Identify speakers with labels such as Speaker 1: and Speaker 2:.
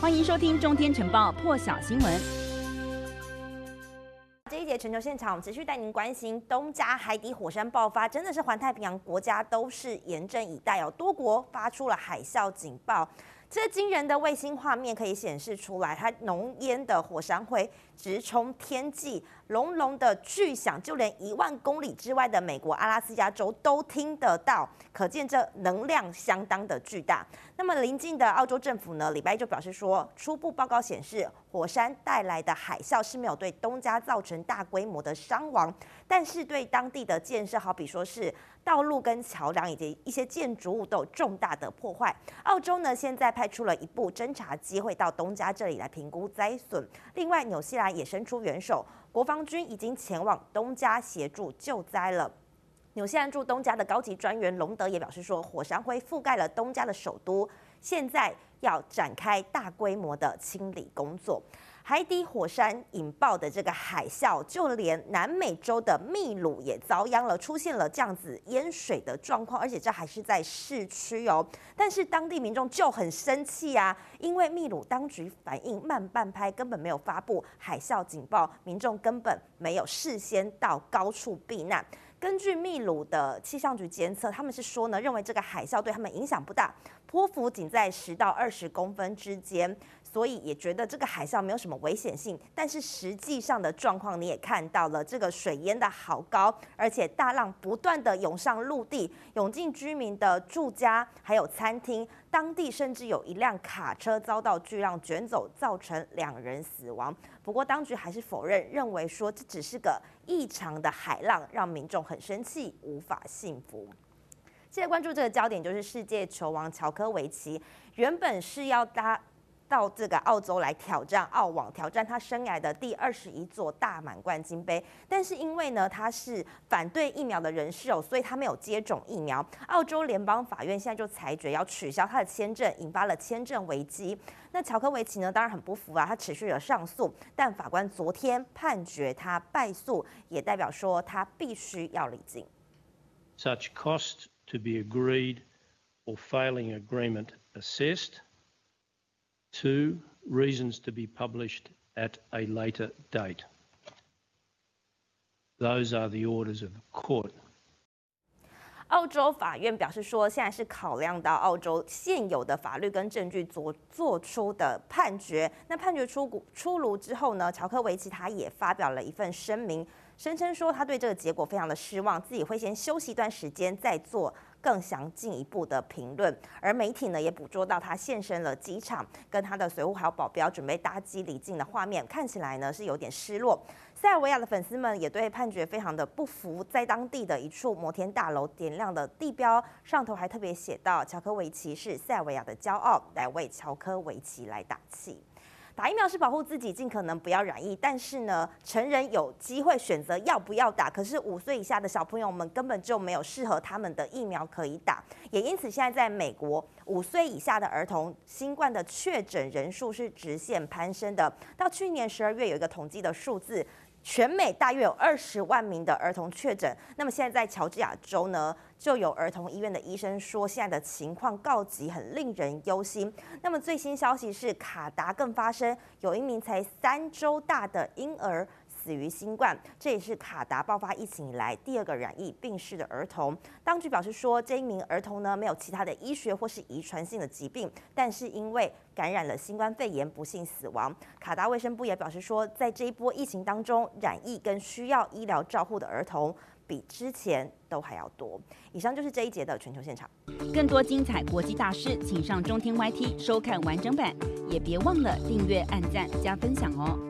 Speaker 1: 歡迎收聽《中天晨報》破曉新聞。這一節全球現場，我們持續帶您關心東加海底火山爆發，真的是環太平洋國家都是嚴陣以待哦，多國發出了海嘯警報。這驚人的衛星畫面可以顯示出來，它濃煙的火山灰直衝天際，隆隆的巨響，就連一萬公里之外的美國阿拉斯加州都聽得到，可見這能量相當的巨大。那麼鄰近的澳洲政府呢？禮拜一就表示說，初步報告顯示。火山帶來的海嘯是沒有對東加造成大規模的傷亡，但是對當地的建設，好比說是道路、跟橋樑以及一些建築物都有重大的破壞。澳洲呢，現在派出了一部偵察機會到東加這裡來評估災損。另外，紐西蘭也伸出援手，國防軍已經前往東加協助救災了。紐西蘭駐東加的高級專員隆德也表示說，火山灰覆蓋了東加的首都，現在要展開大規模的清理工作。海底火山引爆的這個海嘯，就連南美洲的秘魯也遭殃了，出現了這樣子淹水的狀況，而且這還是在市區哦。但是當地民眾就很生氣呀，因為秘魯當局反應慢半拍，根本沒有發布海嘯警報，民眾根本沒有事先到高處避難。根據秘魯的氣象局監測，他們是說呢，認為這個海嘯對他們影響不大，波幅僅在十到二十公分之間，所以也覺得這個海嘯沒有什麼危險性。但是實際上的狀況你也看到了，這個水淹得好高，而且大浪不斷地湧上陸地，湧進居民的住家，還有餐廳。當地甚至有一輛卡車遭到巨浪捲走，造成兩人死亡。不過當局還是否認，認為說這只是個異常的海浪，讓民眾很生氣，無法信服。現在關注這個焦點，就是世界球王喬科維奇，原本是要搭到這個澳洲來挑戰澳網，挑戰他生涯的第二十一座大滿貫金杯。但是因為呢，他是反對疫苗的人士哦、喔，所以他沒有接種疫苗。澳洲聯邦法院現在就裁決要取消他的簽證，引發了簽證危機。那喬科維奇呢，當然很不服啊，他持續的上訴。但法官昨天判決他敗訴，也代表說他必須要離境。Such costs to be agreed, or failing agreement, assessed. two reasons to be published at a later date. Those are the orders of the court. 澳洲法院表示說，現在是考量到澳洲現有的法律跟證據所做，做出的判決。那判決出出爐之後呢，喬科維奇他也發表了一份聲明，聲稱說他對這個結果非常的失望，自己會先休息一段時間再做。更詳進一步的評論，而媒體呢也捕捉到他現身了機場，跟他的隨扈還有保鏢準備搭機離境的畫面，看起來呢是有點失落。塞爾維亞的粉絲們也對判決非常的不服，在當地的一處摩天大樓點亮的地標上頭還特別寫到：“喬科維奇是塞爾維亞的驕傲”，來為喬科維奇來打氣。打疫苗是保護自己，盡可能不要染疫。但是呢，成人有機會選擇要不要打，可是五歲以下的小朋友們根本就沒有適合他們的疫苗可以打，也因此現在在美國，五歲以下的兒童新冠的確診人數是直線攀升的。到去年十二月有一個統計的數字。全美大約有二十萬名的兒童確診，那麼現在在喬治亞州呢，就有兒童醫院的醫生說，現在的情況告急，很令人憂心。那麼最新消息是，卡達更發生有一名才三周大的嬰兒。死於新冠，這也是卡達爆發疫情以來第二個染疫病逝的兒童。當局表示說，這一名兒童呢，沒有其他的醫學或是遺傳性的疾病，但是因為感染了新冠肺炎，不幸死亡。卡達衛生部也表示說，在這一波疫情當中，染疫跟需要醫療照護的兒童比之前都還要多。以上就是這一節的全球現場，更多精彩國際大事，請上中天 YT 收看完整版，也別忘了訂閱、按讚、加分享哦。